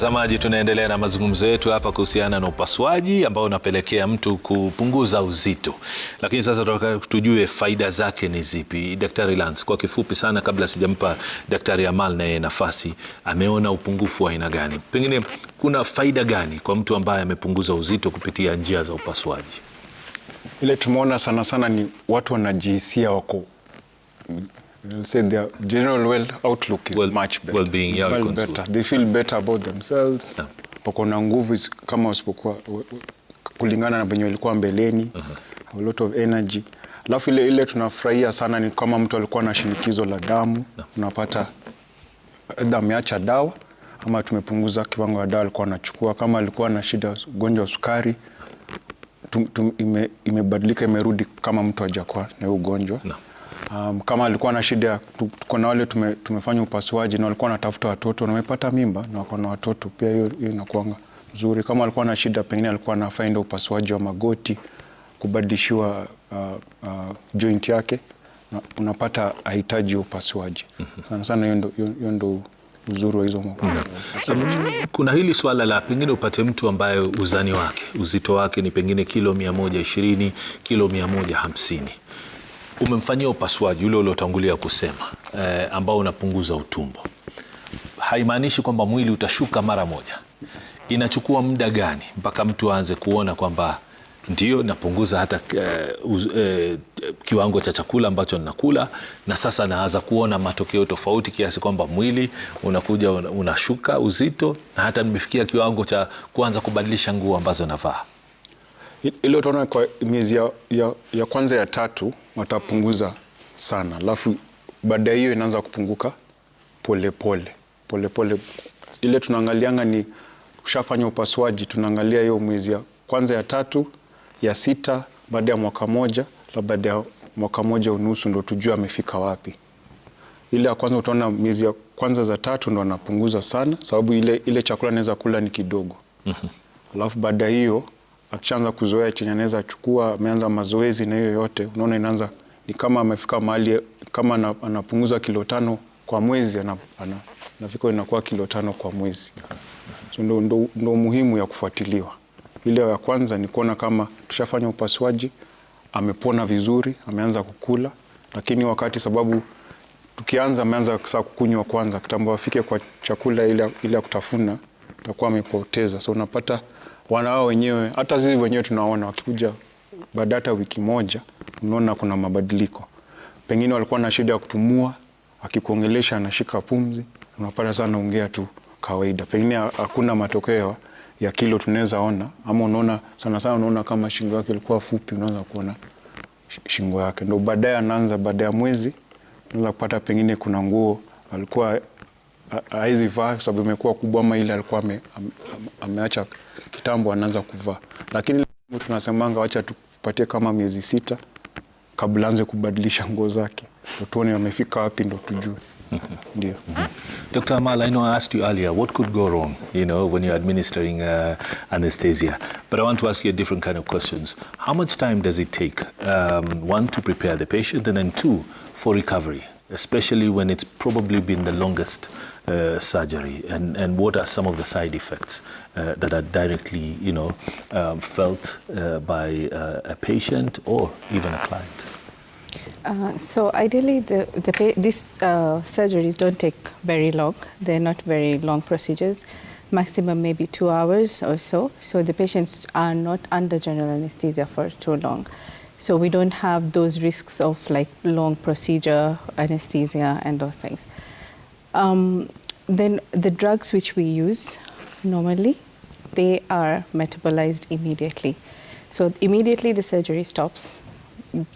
Mtazamaji, tunaendelea na mazungumzo yetu hapa kuhusiana na upasuaji ambao unapelekea mtu kupunguza uzito, lakini sasa tunataka tujue faida zake ni zipi. Daktari Lance, kwa kifupi sana, kabla sijampa Daktari Amal naye nafasi, ameona upungufu wa aina gani, pengine kuna faida gani kwa mtu ambaye amepunguza uzito kupitia njia za upasuaji? Ile tumeona sana sana ni watu wanajihisia wako will say their general well outlook is well, much better. Well-being, yeah, well better. They feel better about themselves. Yeah. Wako na nguvu kama wasipokuwa kulingana na venye walikuwa mbeleni. Uh-huh. A lot of energy. Alafu ile ile tunafurahia sana ni kama mtu alikuwa na shinikizo la damu, no. Unapata damu yacha dawa ama tumepunguza kiwango ya dawa alikuwa anachukua, kama alikuwa na shida ugonjwa wa sukari tum, tum, imebadilika ime imerudi kama mtu hajakuwa na ugonjwa no um, kama alikuwa na shida, tuko na wale tume, tumefanya upasuaji na walikuwa wanatafuta watoto na wamepata mimba na wako na watoto pia, hiyo inakuanga mzuri. Kama alikuwa na shida, pengine alikuwa anafainda upasuaji wa magoti kubadilishiwa uh, uh, joint yake na unapata ahitaji upasuaji mhm. sana sana. Hiyo ndo uzuri wa hizo. Mm. Kuna hili swala la pengine upate mtu ambaye uzani wake uzito wake ni pengine kilo 120 kilo 150 Umemfanyia upasuaji ule uliotangulia kusema eh, ambao unapunguza utumbo. Haimaanishi kwamba mwili utashuka mara moja. Inachukua muda gani mpaka mtu aanze kuona kwamba ndio napunguza hata eh, uz, eh, kiwango cha chakula ambacho ninakula na sasa naanza kuona matokeo tofauti kiasi kwamba mwili unakuja unashuka uzito na hata nimefikia kiwango cha kuanza kubadilisha nguo ambazo navaa? ile utaona kwa miezi ya, ya, ya kwanza ya tatu watapunguza sana, alafu baada ya hiyo inaanza kupunguka polepole polepole pole. Ile tunaangalianga ni kushafanya upasuaji, tunaangalia hiyo mwezi ya kwanza ya tatu ya sita, baada ya mwaka moja la baada ya mwaka moja unusu ndo tujue amefika wapi. Ile ya kwanza utaona miezi ya kwanza za tatu ndo anapunguza sana, sababu ile, ile chakula anaweza kula ni kidogo, mhm. alafu baada hiyo akishaanza kuzoea chenye anaweza achukua, ameanza mazoezi na hiyo yote, unaona inaanza ni kama amefika mahali kama anapunguza kilo tano kwa mwezi, anafika inakuwa kilo tano kwa mwezi. So ndo, ndo, ndo muhimu ya kufuatiliwa. Ile ya kwanza ni kuona kama tushafanya upasuaji, amepona vizuri, ameanza kukula, lakini wakati sababu tukianza ameanza saa kukunywa kwanza, kitambo afike kwa chakula ile ya kutafuna, takuwa amepoteza. So unapata wana wao wenyewe, hata sisi wenyewe tunaona wakikuja baada hata wiki moja, unaona kuna mabadiliko. Pengine walikuwa na shida ya kutumua, akikuongelesha anashika pumzi, unapata sana ongea tu kawaida, pengine hakuna matokeo ya kilo tunaweza ona, ama unaona sana sana, unaona kama shingo yake ilikuwa fupi, unaanza kuona shingo yake, ndio baadaye anaanza, baada ya mwezi unaweza kupata pengine kuna nguo alikuwa haizi vaa kwa sababu imekuwa kubwa, ama ile alikuwa ameacha kitambo anaanza kuvaa. Lakini tunasemanga wacha tupatie kama miezi sita kabla anze kubadilisha nguo zake, ndo tuone amefika wapi, ndo tujue. Dear. Mm-hmm. Mhm. Dr. Amal, I know I asked you earlier what could go wrong, you know, when you're administering uh, anesthesia. But I want to ask you a different kind of questions. How much time does it take, um, one, to prepare the patient, and then two, for recovery? especially when it's probably been the longest uh, surgery and, and what are some of the side effects uh, that are directly you know um, felt uh, by uh, a patient or even a client uh, so ideally the, the these uh, surgeries don't take very long they're not very long procedures maximum maybe two hours or so so the patients are not under general anesthesia for too long so we don't have those risks of like long procedure, anesthesia, and those things. Um, then the drugs which we use normally, they are metabolized immediately. So immediately the surgery stops.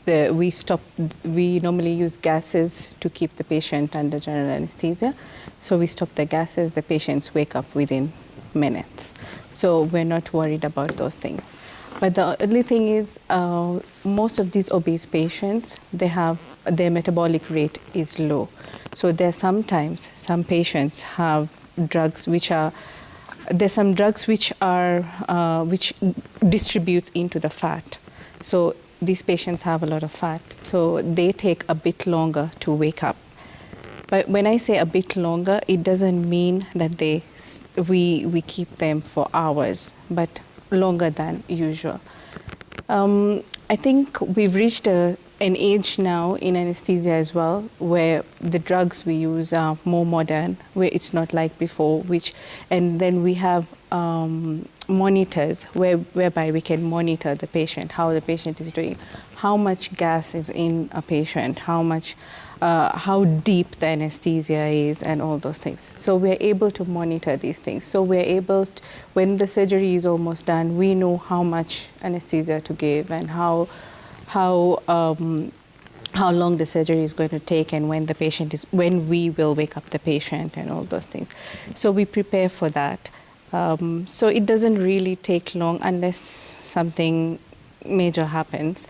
The, we stop. We normally use gases to keep the patient under general anesthesia. So we stop the gases. The patients wake up within minutes. So we're not worried about those things. But the only thing is, uh, most of these obese patients, they have their metabolic rate is low. So there sometimes some patients have drugs which are there's some drugs which are uh, which distributes into the fat. So these patients have a lot of fat, so they take a bit longer to wake up. But when I say a bit longer, it doesn't mean that they we we keep them for hours, but longer than usual. Um, I think we've reached a, an age now in anesthesia as well where the drugs we use are more modern, where it's not like before, which, and then we have um, monitors where, whereby we can monitor the patient, how the patient is doing, how much gas is in a patient, how much uh, how deep the anesthesia is and all those things. So we're able to monitor these things. So we're able, to, when the surgery is almost done, we know how much anesthesia to give and how, how, um, how long the surgery is going to take and when the patient is, when we will wake up the patient and all those things. So we prepare for that. Um, so it doesn't really take long unless something major happens.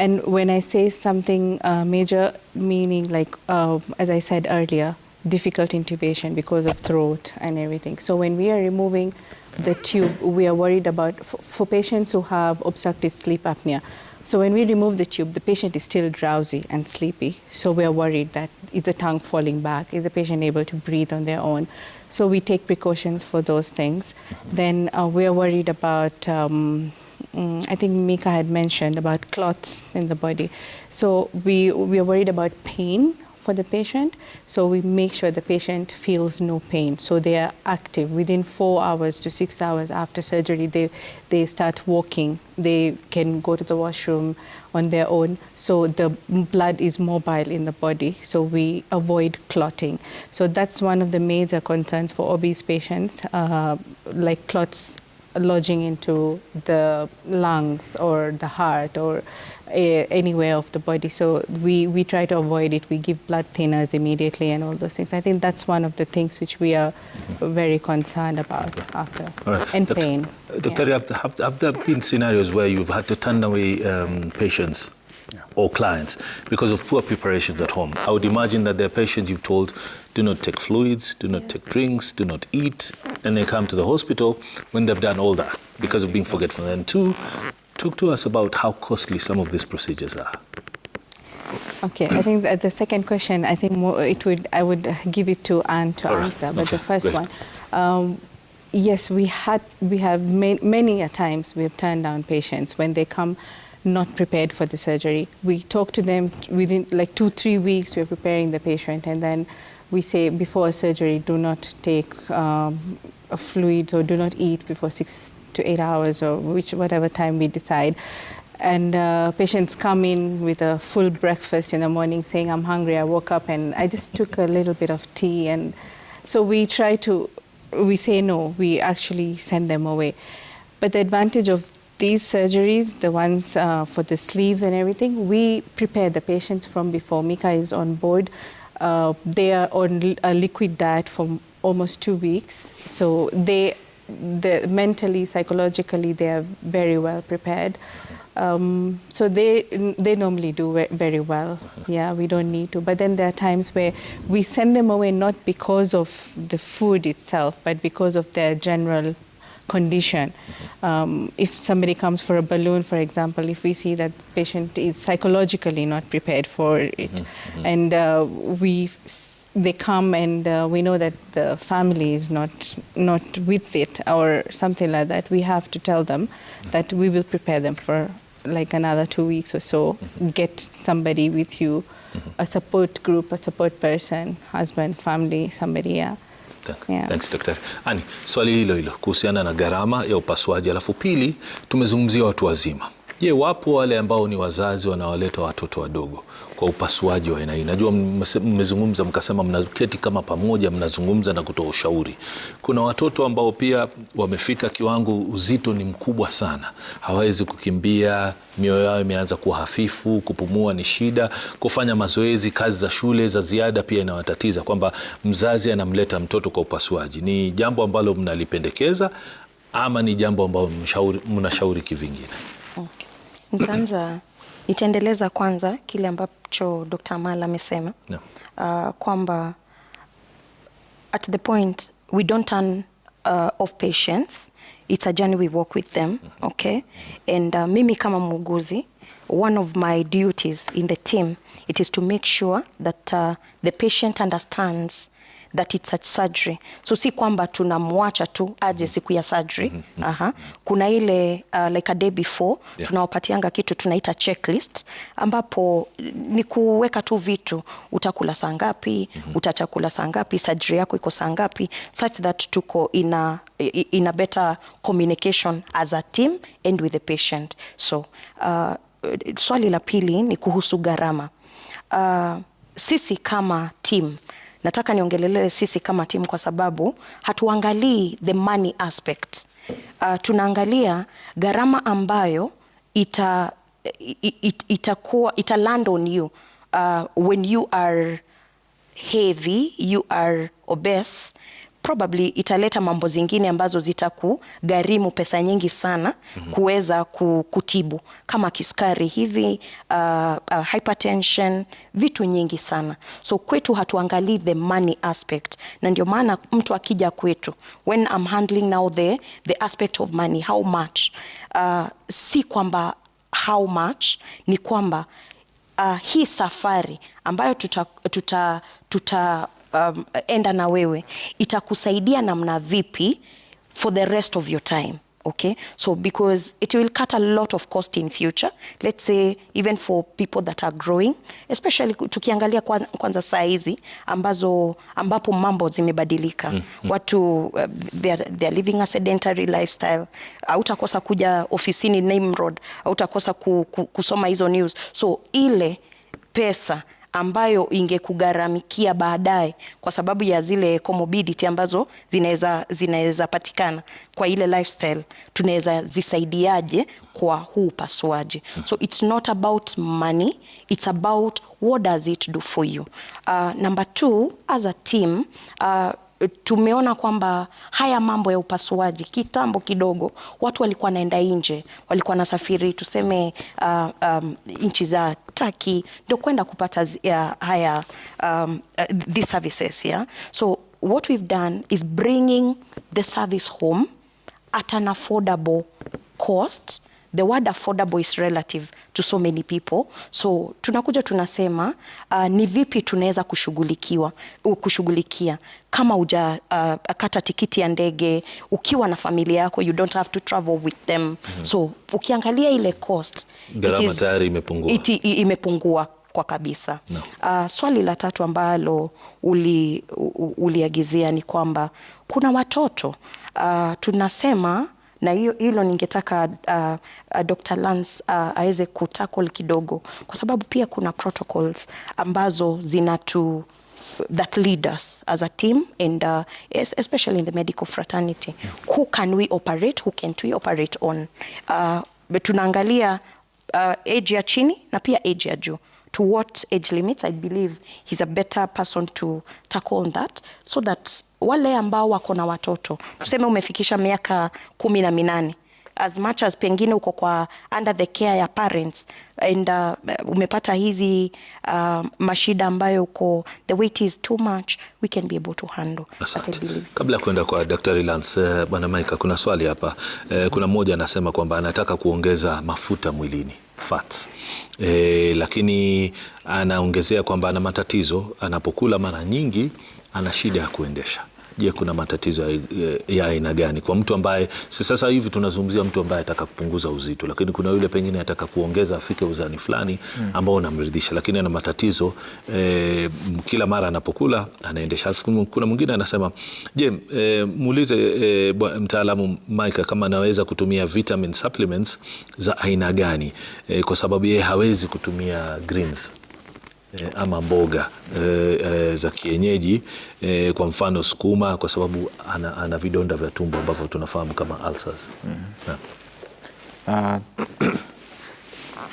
And when I say something uh, major, meaning like, uh, as I said earlier, difficult intubation because of throat and everything. So when we are removing the tube, we are worried about for patients who have obstructive sleep apnea. So when we remove the tube, the patient is still drowsy and sleepy. So we are worried that is the tongue falling back? Is the patient able to breathe on their own? So we take precautions for those things. Then uh, we are worried about um, Mm, I think Mika had mentioned about clots in the body. So we, we are worried about pain for the patient. So we make sure the patient feels no pain. So they are active within four hours to six hours after surgery. They they start walking. They can go to the washroom on their own. So the blood is mobile in the body. So we avoid clotting. So that's one of the major concerns for obese patients, uh, like clots lodging into the lungs or the heart or eh, anywhere of the body. So we, we try to avoid it. We give blood thinners immediately and all those things. I think that's one of the things which we are very concerned about after right. and Doctor, pain. Uh, doctor, yeah. have, have, there been scenarios where you've had to turn away um, patients? Yeah. Or clients because of poor preparations at home. I would imagine that there are patients you've told do not take fluids, do not take drinks, do not eat, and they come to the hospital when they've done all that because of being forgetful. And two, talk to us about how costly some of these procedures are. Okay, I think the second question, I think it would, I would give it to Anne to right. answer, but okay. the first Great. one. Um, yes, we had, we have may, many a times we have turned down patients when they come not prepared for the surgery. We talk to them within like two, three weeks. We're preparing the patient, and then we say before a surgery, do not take um, a fluid or do not eat before six to eight hours or which whatever time we decide. And uh, patients come in with a full breakfast in the morning saying, I'm hungry, I woke up and I just took a little bit of tea. And so we try to, we say no, we actually send them away. But the advantage of these surgeries, the ones uh, for the sleeves and everything, we prepare the patients from before. Mika is on board uh, they are on a liquid diet for almost two weeks. So they, the, mentally, psychologically, they are very well prepared. Um, so they they normally do very well. Yeah, we don't need to. But then there are times where we send them away not because of the food itself, but because of their general condition. Um, if somebody comes for a balloon, for example, if we see that the patient is psychologically not prepared for it, mm-hmm. mm-hmm. and uh, we they come and uh, we know that the family is not not with it or something like that, we have to tell them mm-hmm. that we will prepare them for like another two weeks or so. Mm-hmm. Get somebody with you, mm-hmm. a support group, a support person, husband, family, somebody. Yeah Thanks, Daktari. Ani, swali hilo hilo kuhusiana na gharama ya upasuaji alafu pili tumezungumzia watu wazima Je, wapo wale ambao ni wazazi wanawaleta watoto wadogo kwa upasuaji wa aina hii? Najua mmezungumza mkasema mnaketi kama pamoja, mnazungumza na kutoa ushauri. Kuna watoto ambao pia wamefika kiwango, uzito ni mkubwa sana, hawawezi kukimbia, mioyo yao imeanza kuwa hafifu, kupumua ni shida, kufanya mazoezi, kazi za shule za ziada pia inawatatiza, kwamba mzazi anamleta mtoto kwa upasuaji. Ni jambo ambalo mnalipendekeza ama ni jambo ambalo mnashauri kivingine? Nitaanza, nitaendeleza kwanza kile ambacho Dr. mal amesema yeah. Uh, kwamba at the point we don't turn uh, off patients it's a journey we walk with them mm-hmm. okay and uh, mimi kama muuguzi one of my duties in the team it is to make sure that uh, the patient understands that it's a surgery. So si kwamba tunamwacha tu aje mm-hmm. siku ya surgery. mm -hmm. Aha. Kuna ile uh, like a day before yeah. Tunawapatianga kitu tunaita checklist ambapo ni kuweka tu vitu, utakula saa ngapi? mm -hmm. Utachakula saa ngapi? Surgery yako iko saa ngapi? such that tuko in a, in a better communication as a team and with the patient. So uh, swali la pili ni kuhusu gharama. Uh, sisi kama team nataka niongelelee sisi kama timu, kwa sababu hatuangalii the money aspect. Uh, tunaangalia gharama ambayo ita it, itakuwa ita land on you uh, when you are heavy you are obese probably italeta mambo zingine ambazo zitakugharimu pesa nyingi sana mm -hmm. kuweza kutibu kama kisukari hivi uh, uh, hypertension vitu nyingi sana so kwetu hatuangalii the money aspect, na ndio maana mtu akija kwetu, when I'm handling now the, the aspect of money how much uh, si kwamba how much ni kwamba uh, hii safari ambayo tuta, tuta, tuta um, enda na wewe itakusaidia namna vipi for the rest of your time okay so because it will cut a lot of cost in future let's say even for people that are growing especially tukiangalia kwanza saa hizi ambazo ambapo mambo zimebadilika mm, -hmm. watu uh, they are, they are living a sedentary lifestyle hautakosa kuja ofisini road hautakosa ku, ku, kusoma hizo news so ile pesa ambayo ingekugharamikia baadaye kwa sababu ya zile comorbidity ambazo zinaweza zinaweza patikana kwa ile lifestyle, tunaweza zisaidiaje kwa huu upasuaji? So it's not about money, it's about what does it do for you. Uh, number two, as a team uh, tumeona kwamba haya mambo ya upasuaji kitambo kidogo watu walikuwa naenda nje, walikuwa nasafiri tuseme, uh, um, nchi za Turkey ndio kwenda kupata uh, haya um, uh, these services yeah. So what we've done is bringing the service home at an affordable cost the word affordable is relative to so many people, so tunakuja tunasema uh, ni vipi tunaweza kushughulikiwa kushughulikia kama uja uh, kata tikiti ya ndege ukiwa na familia yako, you don't have to travel with them mm -hmm. So ukiangalia ile cost gharama tayari imepungua, it, imepungua kwa kabisa no. Uh, swali la tatu ambalo uli, uliagizia ni kwamba kuna watoto uh, tunasema na hiyo hilo ningetaka uh, uh, Dr. Lance uh, aweze kutackle kidogo, kwa sababu pia kuna protocols ambazo zinatu that lead us as a team and uh, especially in the medical fraternity who can we operate who can we operate on uh, tunaangalia uh, age ya chini na pia age ya juu to what age limits I believe he's a better person to tackle on that so that wale ambao wako na watoto tuseme umefikisha miaka kumi na minane as much as pengine uko kwa under the care ya parents and uh, umepata hizi uh, mashida ambayo uko the weight is too much we can be able to handle. Kabla ya kwenda kwa Daktari Lance, uh, bwana Maika, kuna swali hapa uh, kuna mmoja anasema kwamba anataka kuongeza mafuta mwilini fat e, eh, lakini anaongezea kwamba ana matatizo anapokula mara nyingi, ana shida ya kuendesha je, kuna matatizo ya aina gani kwa mtu ambaye, si sasa hivi tunazungumzia mtu ambaye ataka kupunguza uzito, lakini kuna yule pengine ataka kuongeza afike uzani fulani hmm. ambao unamridhisha, lakini ana matatizo e, kila mara anapokula anaendesha. Kuna mwingine anasema, je, e, muulize e, mtaalamu Mike kama anaweza kutumia vitamin supplements za aina gani e, kwa sababu yeye hawezi kutumia greens eh, ama mboga eh, eh, za kienyeji eh, kwa mfano sukuma, kwa sababu ana, ana vidonda vya tumbo ambavyo tunafahamu kama ulcers. mm -hmm. Uh,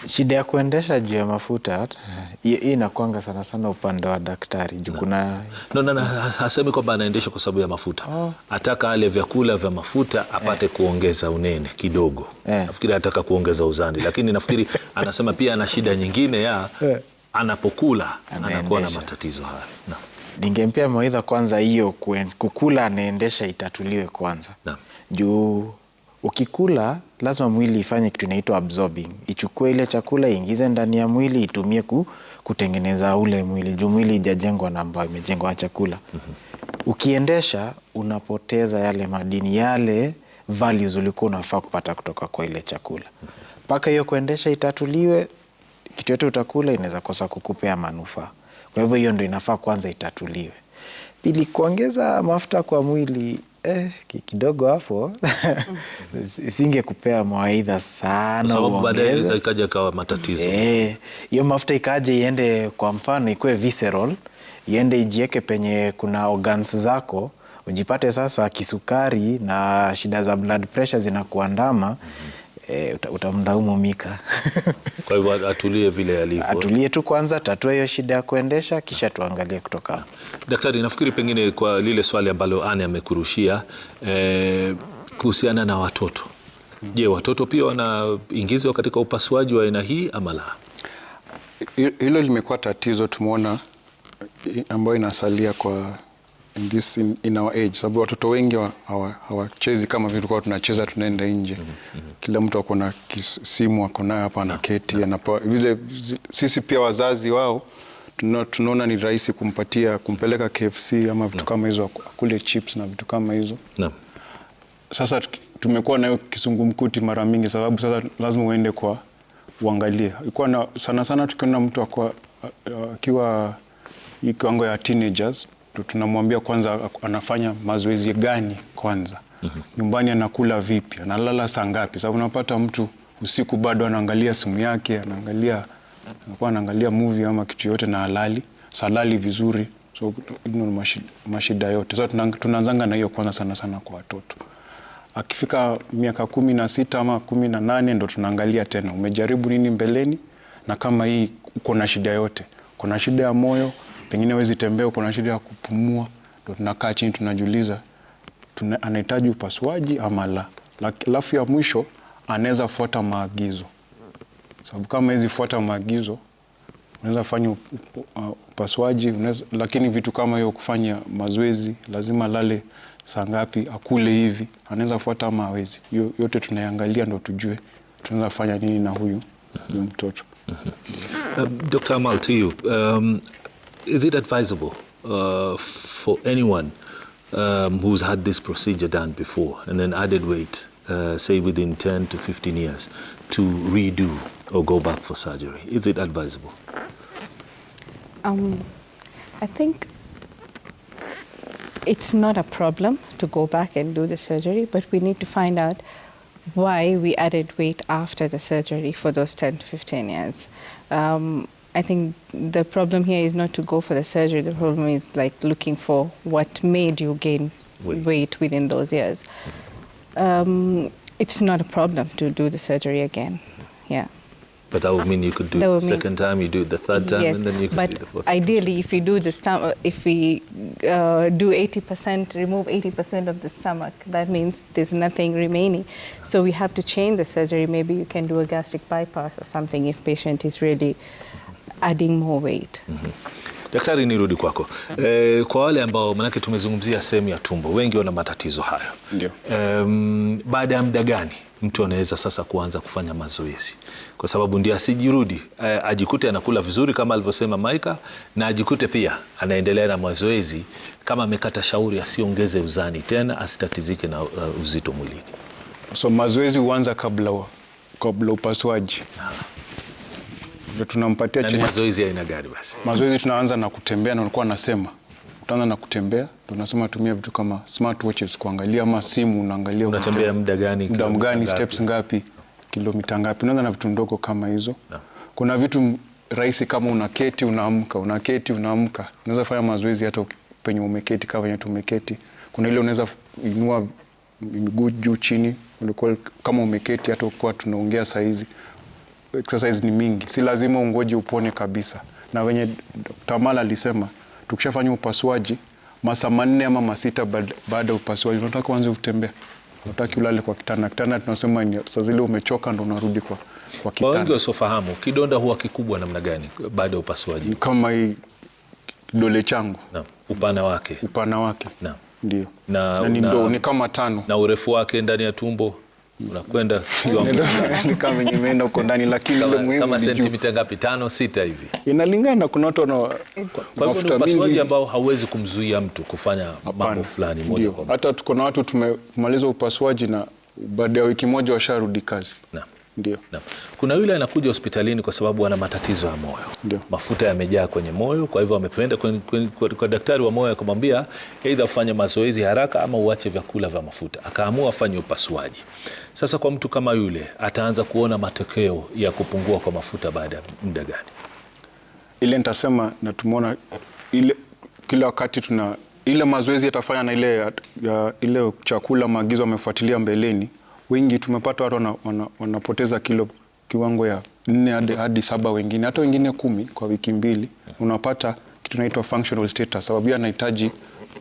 shida ya kuendesha juu ya mafuta eh, hii inakwanga sana sana upande wa daktari juu kuna no, no, no, hasemi kwamba anaendesha kwa sababu ya mafuta oh. Ataka ale vyakula vya mafuta apate eh, kuongeza unene kidogo eh. Nafikiri anataka kuongeza uzani, lakini nafikiri anasema pia ana shida nyingine ya eh anapokula anakuwa na matatizo hayo. Ningempea mawaidha kwanza hiyo kukula anaendesha itatuliwe kwanza na. Juu ukikula lazima mwili ifanye kitu inaitwa absorbing, ichukue ile chakula iingize ndani ya mwili itumie ku, kutengeneza ule mwili juu mwili ijajengwa na ambayo imejengwa chakula mm -hmm. Ukiendesha unapoteza yale madini yale values ulikuwa unafaa kupata kutoka kwa ile chakula mpaka mhm. hiyo kuendesha itatuliwe, kitu yote utakula inaweza kosa kukupea manufaa. Kwa hivyo hiyo ndo inafaa kwanza itatuliwe. Pili, kuongeza mafuta kwa mwili eh, kidogo hapo singe kupea mawaidha sana, sababu baadaye ikaja ikawa matatizo eh, hiyo eh, mafuta ikaja iende, kwa mfano ikuwe visceral, iende ijieke penye kuna organs zako, ujipate sasa kisukari na shida za blood pressure zinakuandama. mm -hmm. E, uta, utamlaumu Mika kwa hivyo atulie vile alivyo, atulie tu kwanza, tatue hiyo shida ya kuendesha, kisha tuangalie kutoka Daktari, nafikiri pengine kwa lile swali ambalo Ane amekurushia eh, kuhusiana na watoto, je, watoto pia wanaingizwa katika upasuaji wa aina hii ama la? Hilo limekuwa tatizo tumeona ambayo inasalia kwa in this in, in our age, sababu watoto wengi hawachezi kama vile tulikuwa tunacheza, tunaenda nje mm -hmm. Kila mtu ako na simu ako nayo hapa anaketi anapewa vile. Sisi pia wazazi wao tunaona ni rahisi kumpatia kumpeleka KFC ama vitu kama hizo, akule chips na vitu kama hizo na. Sasa tumekuwa nayo kisungumkuti mara mingi, sababu sasa lazima uende kwa uangalie ikuwa na, sana sana tukiona mtu akiwa hii kiwango ya teenagers mm tunamwambia kwanza anafanya mazoezi gani kwanza, mm -hmm. nyumbani anakula vipi, analala saa ngapi? Sababu unapata mtu usiku bado anaangalia simu yake, anaangalia anakuwa anaangalia movie ama kitu yote, na halali salali vizuri, so mashida yote so tunaanzanga na hiyo kwanza, sana sana kwa watoto. Akifika miaka kumi na sita ama kumi na nane ndo tunaangalia tena umejaribu nini mbeleni, na kama hii uko na shida yote, kuna shida ya moyo pengine hawezi tembea, uko na shida ya kupumua, ndo tunakaa chini tunajiuliza tuna, anahitaji upasuaji ama la. Alafu ya mwisho anaweza fuata maagizo, sababu kama hizi fuata maagizo unaweza fanya uh, upasuaji unaweza, lakini vitu kama hiyo kufanya mazoezi, lazima lale saa ngapi, akule hivi, anaweza fuata ama hawezi. Yote tunayangalia ndo tujue tunaweza fanya nini na huyu huyu mtoto. Uh, Dr. Amal to you. Um, is it advisable uh, for anyone um, who's had this procedure done before and then added weight, uh, say within 10 to 15 years, to redo or go back for surgery? Is it advisable? Um, I think it's not a problem to go back and do the surgery, but we need to find out why we added weight after the surgery for those 10 to 15 years. Um, I think the problem here is not to go for the surgery. The problem is like looking for what made you gain weight, weight within those years. Um, it's not a problem to do the surgery again. Yeah. But that would mean you could do it the second time, you do it the third time, yes, and then you could but do the fourth. Ideally, if we do the stomach, if we uh, do 80%, remove 80% of the stomach, that means there's nothing remaining. So we have to change the surgery. Maybe you can do a gastric bypass or something if patient is really adding more weight. mm -hmm. Daktari, nirudi kwako e, kwa wale ambao manake tumezungumzia sehemu ya tumbo, wengi wana matatizo hayo. Ndio. baada ya muda gani mtu anaweza sasa kuanza kufanya mazoezi, kwa sababu ndio asijirudi e, ajikute anakula vizuri kama alivyosema Maika na ajikute pia anaendelea na mazoezi kama amekata shauri, asiongeze uzani tena, asitatizike na eh, uzito mwilini. So mazoezi huanza kabla, kabla upasuaji. Ah ndio tunampatia chini. Mazoezi ya aina gani basi? Mazoezi tunaanza na kutembea, na ulikuwa nasema utaanza na kutembea, tunasema tumia vitu kama smart watches kuangalia, ama simu unaangalia unatembea muda gani, muda gani, steps ngapi, kilomita ngapi. Unaanza na vitu ndogo kama hizo na. Kuna vitu rahisi kama unaketi unaamka, unaketi unaamka, unaweza fanya mazoezi hata penye umeketi, kama penye tumeketi. Kuna ile unaweza inua miguu juu chini, ulikuwa kama umeketi, hata ukiwa tunaongea saa hizi exercise ni mingi, si lazima ungoje upone kabisa. Na wenye Tamala alisema tukishafanya upasuaji masaa manne ama masita baada ya upasuaji unataka uanze kutembea, unataka ulale kwa kitanda. Kitanda tunasema ni saa zile umechoka ndo unarudi kwa kwa kitanda. wengi wasiofahamu, kidonda huwa kikubwa namna gani baada ya upasuaji? Kama hii kidole changu na, upana wake, upana wake ndio na, na, na, ni kama tano na urefu wake ndani ya tumbo unakwenda kama nimeenda huko ndani, lakini ile muhimu kama sentimita ngapi? Tano sita hivi, inalingana. Kuna watu wana kwa hivyo upasuaji ambao hauwezi kumzuia mtu kufanya mambo fulani moja kwa moja. Hata tuko na watu tumemaliza upasuaji na baada ya wiki moja washarudi kazi na. Ndio. Na, kuna yule anakuja hospitalini kwa sababu ana matatizo ya moyo. Ndio. Mafuta yamejaa kwenye moyo, kwa hivyo amependa kwa daktari wa moyo akamwambia aidha ufanye mazoezi haraka ama uache vyakula vya mafuta. Akaamua afanye upasuaji. Sasa kwa mtu kama yule ataanza kuona matokeo ya kupungua kwa mafuta baada ya muda gani? Ile nitasema na tumeona ile kila wakati tuna ile mazoezi yatafanya na ile ya, ile chakula maagizo amefuatilia mbeleni wengi tumepata watu wana, wana, wanapoteza kilo kiwango ya nne hadi, hadi saba wengine hata wengine kumi kwa wiki mbili. Unapata kitu naitwa functional status, sababu anahitaji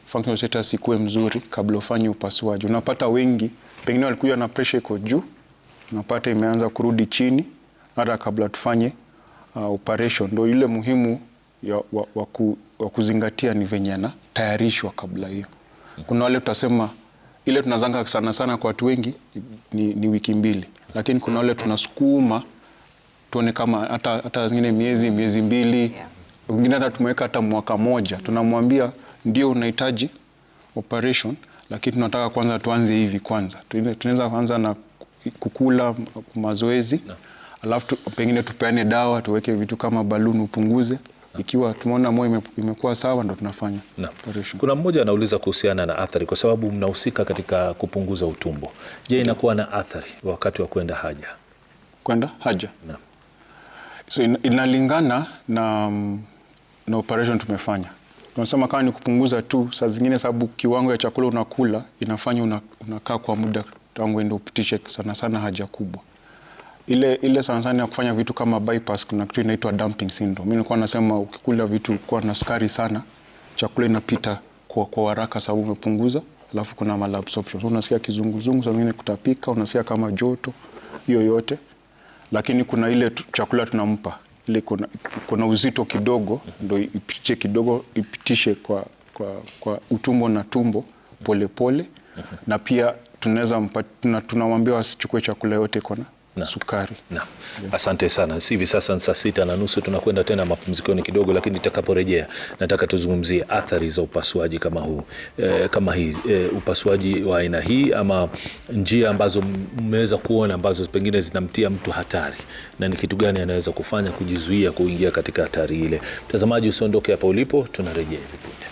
functional status ikuwe mzuri kabla ufanye upasuaji. Unapata wengi pengine walikuja na presha iko juu, unapata imeanza kurudi chini hata kabla tufanye uh, operation. Ndio muhimu ya, wa, wa, ku, wa kuzingatia ni venye anatayarishwa kabla hiyo. Kuna wale tutasema ile tunazanga sana sana kwa watu wengi ni, ni wiki mbili, lakini kuna wale tunasukuma tuone kama hata hata zingine miezi miezi mbili, wengine hata tumeweka hata mwaka moja. Tunamwambia ndio unahitaji operation, lakini tunataka kwanza tuanze hivi kwanza. Tunaweza kuanza na kukula, mazoezi, alafu pengine tupeane dawa, tuweke vitu kama baluni upunguze ikiwa tumeona moyo imekuwa sawa ndo tunafanya operation. Kuna mmoja anauliza kuhusiana na athari, kwa sababu mnahusika katika kupunguza utumbo. Je, inakuwa na athari wakati wa kwenda haja? Kwenda haja na. So inalingana na, mm, na operation tumefanya. Tunasema kama ni kupunguza tu, saa zingine sababu kiwango ya chakula unakula inafanya unakaa una kwa muda tangu ende upitishe sana sana haja kubwa ile ile sana sana ya kufanya vitu kama bypass, kuna kitu inaitwa dumping syndrome. Mimi nilikuwa nasema ukikula vitu kwa na sukari sana, chakula inapita kwa kwa haraka sababu umepunguza, alafu kuna malabsorption. So unasikia kizunguzungu, saa nyingine kutapika, unasikia kama joto, hiyo yote. Lakini kuna ile chakula tunampa ile kuna, kuna uzito kidogo ndio ipiche kidogo ipitishe kwa, kwa, kwa utumbo na tumbo polepole pole, na pia tunaweza tunawambia wasichukue chakula yote kona na sukari na. Yeah. Asante sana. Hivi sasa ni saa sita na nusu, tunakwenda tena mapumzikoni kidogo, lakini nitakaporejea nataka tuzungumzie athari za upasuaji kama huu e, kama hii e, upasuaji wa aina hii ama njia ambazo mmeweza kuona ambazo pengine zinamtia mtu hatari, na ni kitu gani anaweza kufanya kujizuia kuingia katika hatari ile. Mtazamaji, usiondoke hapa ulipo, tunarejea hivi punde.